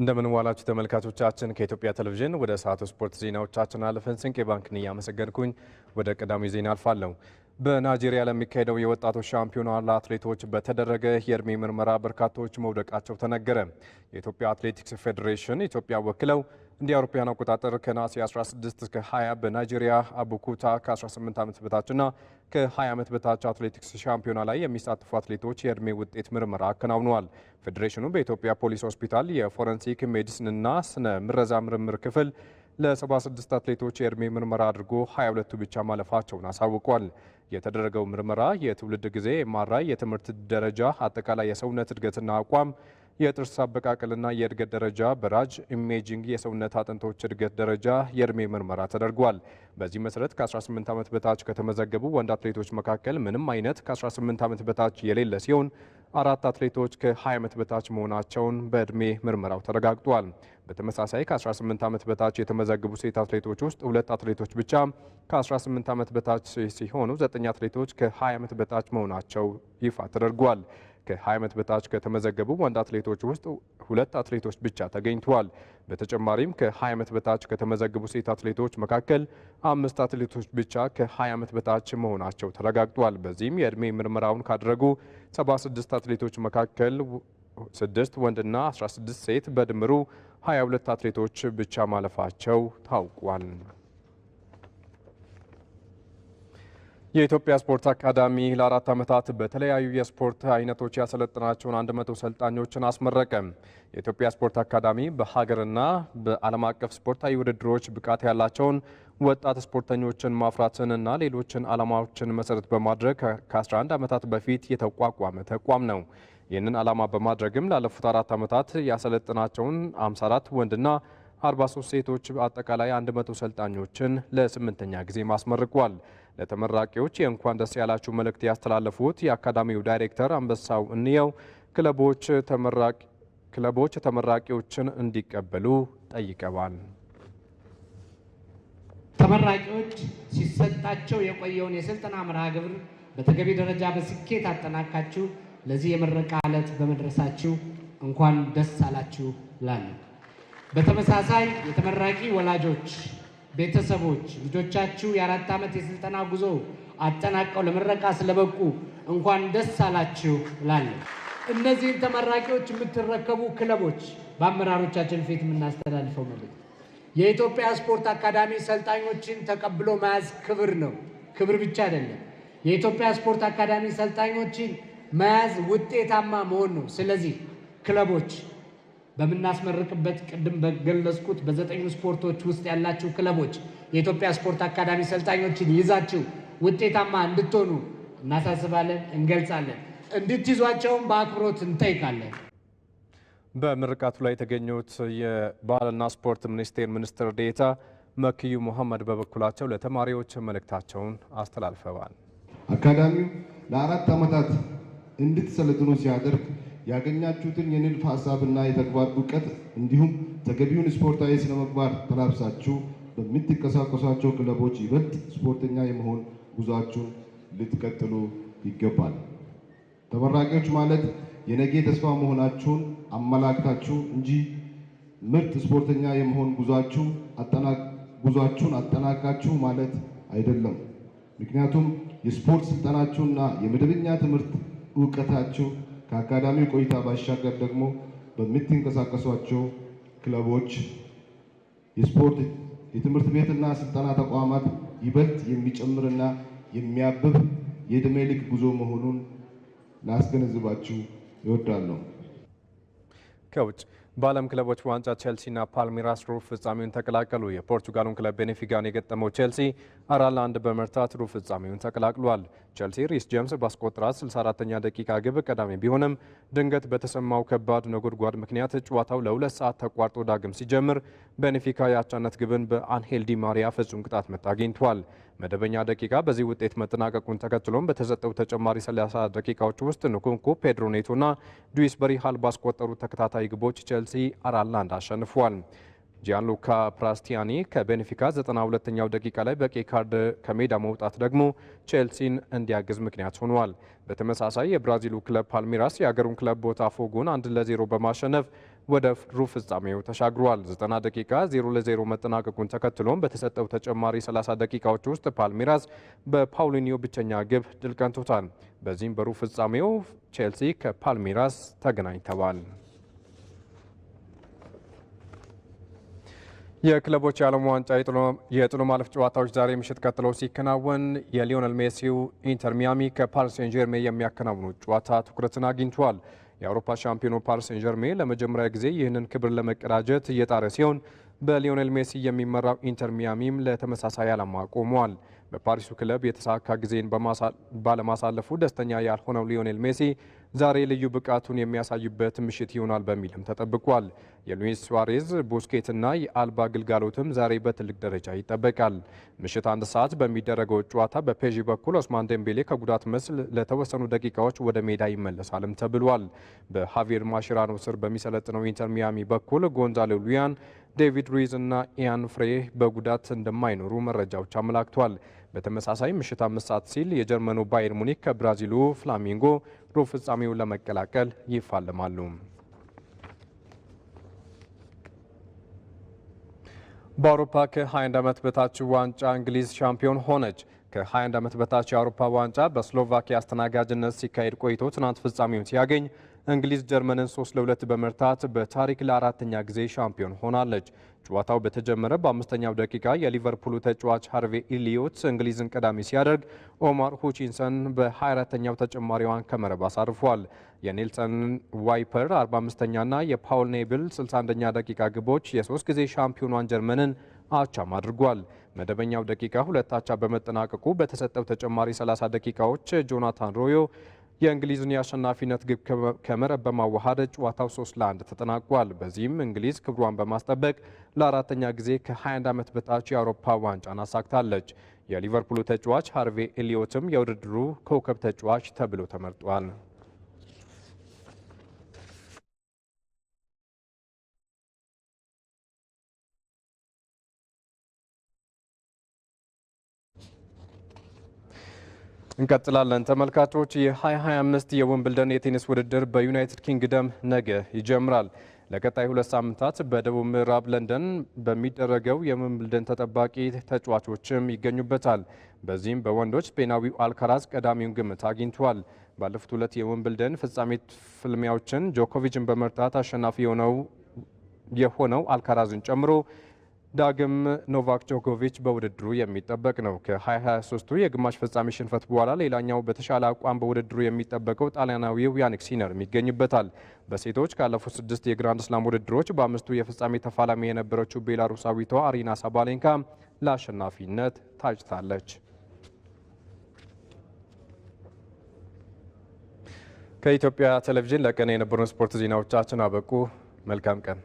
እንደምን ዋላችሁ ተመልካቾቻችን። ከኢትዮጵያ ቴሌቪዥን ወደ ሰዓቱ ስፖርት ዜናዎቻችን አለፈን። ስንቄ ባንክን እያመሰገንኩኝ ወደ ቀዳሚ ዜና አልፋለሁ። በናይጄሪያ ለሚካሄደው የወጣቶች ሻምፒዮና ለአትሌቶች በተደረገ የእድሜ ምርመራ በርካቶች መውደቃቸው ተነገረ። የኢትዮጵያ አትሌቲክስ ፌዴሬሽን ኢትዮጵያ ወክለው እንደ አውሮፓውያን አቆጣጠር ከነሐሴ 16 እስከ 20 በናይጄሪያ አቡኩታ ከ18 ዓመት በታችና ከ20 ዓመት በታች አትሌቲክስ ሻምፒዮና ላይ የሚሳተፉ አትሌቶች የእድሜ ውጤት ምርመራ አከናውነዋል። ፌዴሬሽኑ በኢትዮጵያ ፖሊስ ሆስፒታል የፎረንሲክ ሜዲሲንና ስነ ምረዛ ምርምር ክፍል ለ76 አትሌቶች የእድሜ ምርመራ አድርጎ 22ቱ ብቻ ማለፋቸውን አሳውቋል። የተደረገው ምርመራ የትውልድ ጊዜ፣ ኤምአርአይ፣ የትምህርት ደረጃ፣ አጠቃላይ የሰውነት እድገትና አቋም የጥርስ አበቃቀልና የእድገት ደረጃ በራጅ ኢሜጂንግ የሰውነት አጥንቶች እድገት ደረጃ የእድሜ ምርመራ ተደርጓል። በዚህ መሰረት ከ18 ዓመት በታች ከተመዘገቡ ወንድ አትሌቶች መካከል ምንም አይነት ከ18 ዓመት በታች የሌለ ሲሆን አራት አትሌቶች ከ20 ዓመት በታች መሆናቸውን በእድሜ ምርመራው ተረጋግጧል። በተመሳሳይ ከ18 ዓመት በታች የተመዘገቡ ሴት አትሌቶች ውስጥ ሁለት አትሌቶች ብቻ ከ18 ዓመት በታች ሲሆኑ ዘጠኝ አትሌቶች ከ20 ዓመት በታች መሆናቸው ይፋ ተደርጓል። ከ20 ዓመት በታች ከተመዘገቡ ወንድ አትሌቶች ውስጥ ሁለት አትሌቶች ብቻ ተገኝተዋል። በተጨማሪም ከ20 ዓመት በታች ከተመዘገቡ ሴት አትሌቶች መካከል አምስት አትሌቶች ብቻ ከ20 ዓመት በታች መሆናቸው ተረጋግጧል። በዚህም የእድሜ ምርመራውን ካደረጉ 76 አትሌቶች መካከል ስድስት ወንድና 16 ሴት በድምሩ 22 አትሌቶች ብቻ ማለፋቸው ታውቋል። የኢትዮጵያ ስፖርት አካዳሚ ለአራት ዓመታት በተለያዩ የስፖርት አይነቶች ያሰለጠናቸውን 100 ሰልጣኞችን አስመረቀ። የኢትዮጵያ ስፖርት አካዳሚ በሀገርና በዓለም አቀፍ ስፖርታዊ ውድድሮች ብቃት ያላቸውን ወጣት ስፖርተኞችን ማፍራትንና ሌሎችን ዓላማዎችን መሰረት በማድረግ ከ11 ዓመታት በፊት የተቋቋመ ተቋም ነው። ይህንን ዓላማ በማድረግም ላለፉት አራት ዓመታት ያሰለጠናቸውን 54 ወንድና 43 ሴቶች አጠቃላይ 100 ሰልጣኞችን ለስምንተኛ ጊዜ ማስመርቋል። ለተመራቂዎች የእንኳን ደስ ያላችሁ መልእክት ያስተላለፉት የአካዳሚው ዳይሬክተር አንበሳው እንየው ክለቦች ተመራቂ ክለቦች ተመራቂዎችን እንዲቀበሉ ጠይቀዋል። ተመራቂዎች ሲሰጣቸው የቆየውን የስልጠና መርሃ ግብር በተገቢ ደረጃ በስኬት አጠናካችሁ ለዚህ የምረቃ ዕለት በመድረሳችሁ እንኳን ደስ አላችሁ ላለ በተመሳሳይ የተመራቂ ወላጆች ቤተሰቦች ልጆቻችሁ የአራት ዓመት የስልጠና ጉዞ አጠናቀው ለምረቃ ስለበቁ እንኳን ደስ አላችሁ እላለሁ። እነዚህን ተመራቂዎች የምትረከቡ ክለቦች በአመራሮቻችን ፊት የምናስተላልፈው መልዕክት የኢትዮጵያ ስፖርት አካዳሚ ሰልጣኞችን ተቀብሎ መያዝ ክብር ነው፣ ክብር ብቻ አይደለም። የኢትዮጵያ ስፖርት አካዳሚ ሰልጣኞችን መያዝ ውጤታማ መሆን ነው። ስለዚህ ክለቦች በምናስመርቅበት ቅድም በገለጽኩት በዘጠኙ ስፖርቶች ውስጥ ያላችሁ ክለቦች የኢትዮጵያ ስፖርት አካዳሚ ሰልጣኞችን ይዛችሁ ውጤታማ እንድትሆኑ እናሳስባለን፣ እንገልጻለን። እንድትይዟቸውም በአክብሮት እንጠይቃለን። በምርቃቱ ላይ የተገኙት የባህልና ስፖርት ሚኒስቴር ሚኒስትር ዴታ መክዩ መሐመድ በበኩላቸው ለተማሪዎች መልእክታቸውን አስተላልፈዋል። አካዳሚው ለአራት ዓመታት እንድትሰለጥኑ ሲያደርግ ያገኛችሁትን የንድፍ ሀሳብና የተግባር እውቀት እንዲሁም ተገቢውን ስፖርታዊ ስነምግባር ተላብሳችሁ በምትንቀሳቀሷቸው ክለቦች ይበልጥ ስፖርተኛ የመሆን ጉዟችሁን ልትቀጥሉ ይገባል። ተመራቂዎች ማለት የነገ ተስፋ መሆናችሁን አመላክታችሁ እንጂ ምርጥ ስፖርተኛ የመሆን ጉዟችሁን አጠናቃችሁ ማለት አይደለም። ምክንያቱም የስፖርት ስልጠናችሁና የመደበኛ ትምህርት እውቀታችሁ ከአካዳሚ ቆይታ ባሻገር ደግሞ በምትንቀሳቀሷቸው ክለቦች፣ የስፖርት የትምህርት ቤትና ስልጠና ተቋማት ይበልጥ የሚጨምርና የሚያብብ የዕድሜ ልክ ጉዞ መሆኑን ላስገነዝባችሁ ይወዳለሁ። ከውጭ በዓለም ክለቦች ዋንጫ ቼልሲና ፓልሜራስ ሩብ ፍጻሜውን ተቀላቀሉ። የፖርቱጋሉን ክለብ ቤኔፊካን የገጠመው ቼልሲ አራት ለአንድ በመርታት ሩብ ፍጻሜውን ተቀላቅሏል። ቸልሲ ሪስ ጄምስ ባስቆጠራት 64ኛ ደቂቃ ግብ ቀዳሚ ቢሆንም ድንገት በተሰማው ከባድ ነጎድጓድ ምክንያት ጨዋታው ለሁለት ሰዓት ተቋርጦ ዳግም ሲጀምር ቤኔፊካ የአቻነት ግብን በአንሄል ዲ ማሪያ ፍጹም ቅጣት ምት አግኝቷል። መደበኛ ደቂቃ በዚህ ውጤት መጠናቀቁን ተከትሎም በተሰጠው ተጨማሪ 30 ደቂቃዎች ውስጥ ንኩንኩ፣ ፔድሮ ዱዊስ በሪ ሃል ባስቆጠሩ ተከታታይ ግቦች ቸልሲ አራት ለአንድ አሸንፏል። ጂያንሉካ ፕራስቲያኒ ከቤኔፊካ 92ኛው ደቂቃ ላይ በቀይ ካርድ ከሜዳ መውጣት ደግሞ ቼልሲን እንዲያግዝ ምክንያት ሆኗል። በተመሳሳይ የብራዚሉ ክለብ ፓልሜራስ የአገሩን ክለብ ቦታፎጎን አንድ ለዜሮ በማሸነፍ ወደ ሩብ ፍጻሜው ተሻግሯል። 90 ደቂቃ 0 ለ0 መጠናቀቁን ተከትሎም በተሰጠው ተጨማሪ 30 ደቂቃዎች ውስጥ ፓልሜራስ በፓውሊኒዮ ብቸኛ ግብ ድል ቀንቶታል። በዚህም በሩብ ፍጻሜው ቼልሲ ከፓልሜራስ ተገናኝተዋል። የክለቦች የዓለም ዋንጫ የጥሎ ማለፍ ጨዋታዎች ዛሬ ምሽት ቀጥለው ሲከናወን የሊዮነል ሜሲው ኢንተር ሚያሚ ከፓሪስ ሴን ዠርሜ የሚያከናውኑት ጨዋታ ትኩረትን አግኝቷል። የአውሮፓ ሻምፒዮኑ ፓሪስ ሴን ዠርሜ ለመጀመሪያ ጊዜ ይህንን ክብር ለመቀዳጀት እየጣረ ሲሆን በሊዮኔል ሜሲ የሚመራው ኢንተር ሚያሚም ለተመሳሳይ ዓላማ ቆሟል። በፓሪሱ ክለብ የተሳካ ጊዜን ባለማሳለፉ ደስተኛ ያልሆነው ሊዮኔል ሜሲ ዛሬ ልዩ ብቃቱን የሚያሳይበት ምሽት ይሆናል በሚልም ተጠብቋል። የሉዊስ ሱዋሬዝ ቡስኬትና የአልባ ግልጋሎትም ዛሬ በትልቅ ደረጃ ይጠበቃል። ምሽት አንድ ሰዓት በሚደረገው ጨዋታ በፔዥ በኩል ኦስማን ደምቤሌ ከጉዳት መስል ለተወሰኑ ደቂቃዎች ወደ ሜዳ ይመለሳልም ተብሏል። በሃቪር ማሽራኖ ስር በሚሰለጥነው ኢንተር ሚያሚ በኩል ጎንዛሎ ሉያን፣ ዴቪድ ሩይዝ እና ኢያን ፍሬ በጉዳት እንደማይኖሩ መረጃዎች አመላክቷል። በተመሳሳይ ምሽት አምስት ሰዓት ሲል የጀርመኑ ባየር ሙኒክ ከብራዚሉ ፍላሚንጎ ሩብ ፍጻሜውን ለመቀላቀል ይፋለማሉ። በአውሮፓ ከ21 ዓመት በታች ዋንጫ እንግሊዝ ሻምፒዮን ሆነች። ከ21 ዓመት በታች የአውሮፓ ዋንጫ በስሎቫኪያ አስተናጋጅነት ሲካሄድ ቆይቶ ትናንት ፍጻሜውን ሲያገኝ እንግሊዝ ጀርመንን 3 ለሁለት በመርታት በታሪክ ለአራተኛ ጊዜ ሻምፒዮን ሆናለች። ጨዋታው በተጀመረ በአምስተኛው ደቂቃ የሊቨርፑሉ ተጫዋች ሃርቬ ኢሊዮት እንግሊዝን ቀዳሚ ሲያደርግ ኦማር ሁቺንሰን በ24ተኛው ተጨማሪዋን ከመረብ አሳርፏል። የኔልሰን ዋይፐር 45ኛና የፓውል ኔብል 61ኛ ደቂቃ ግቦች የሶስት ጊዜ ሻምፒዮኗን ጀርመንን አቻም አድርጓል። መደበኛው ደቂቃ ሁለት አቻ በመጠናቀቁ በተሰጠው ተጨማሪ 30 ደቂቃዎች ጆናታን ሮዮ የእንግሊዝን የአሸናፊነት ግብ ከመረብ በማዋሃድ ጨዋታው 3 ለ1ድ ለ1 ተጠናቋል። በዚህም እንግሊዝ ክብሯን በማስጠበቅ ለአራተኛ ጊዜ ከ21 ዓመት በታች የአውሮፓ ዋንጫን አሳክታለች። የሊቨርፑሉ ተጫዋች ሃርቬ ኤሊዮትም የውድድሩ ኮከብ ተጫዋች ተብሎ ተመርጧል። እንቀጥላለን ተመልካቾች። የ2025 የዊምብልደን የቴኒስ ውድድር በዩናይትድ ኪንግደም ነገ ይጀምራል። ለቀጣይ ሁለት ሳምንታት በደቡብ ምዕራብ ለንደን በሚደረገው የዊምብልደን ተጠባቂ ተጫዋቾችም ይገኙበታል። በዚህም በወንዶች ስፔናዊው አልካራዝ ቀዳሚውን ግምት አግኝቷል። ባለፉት ሁለት የዊምብልደን ፍጻሜ ፍልሚያዎችን ጆኮቪችን በመርታት አሸናፊ የሆነው አልካራዝን ጨምሮ ዳግም ኖቫክ ጆኮቪች በውድድሩ የሚጠበቅ ነው። ከ2023ቱ የግማሽ ፍጻሜ ሽንፈት በኋላ ሌላኛው በተሻለ አቋም በውድድሩ የሚጠበቀው ጣሊያናዊው ያኒክ ሲነርም ይገኝበታል። በሴቶች ካለፉት ስድስት የግራንድ ስላም ውድድሮች በአምስቱ የፍጻሜ ተፋላሚ የነበረችው ቤላሩሳዊቷ አሪና ሳባሌንካ ለአሸናፊነት ታጭታለች። ከኢትዮጵያ ቴሌቪዥን ለቀን የነበሩን ስፖርት ዜናዎቻችን አበቁ። መልካም ቀን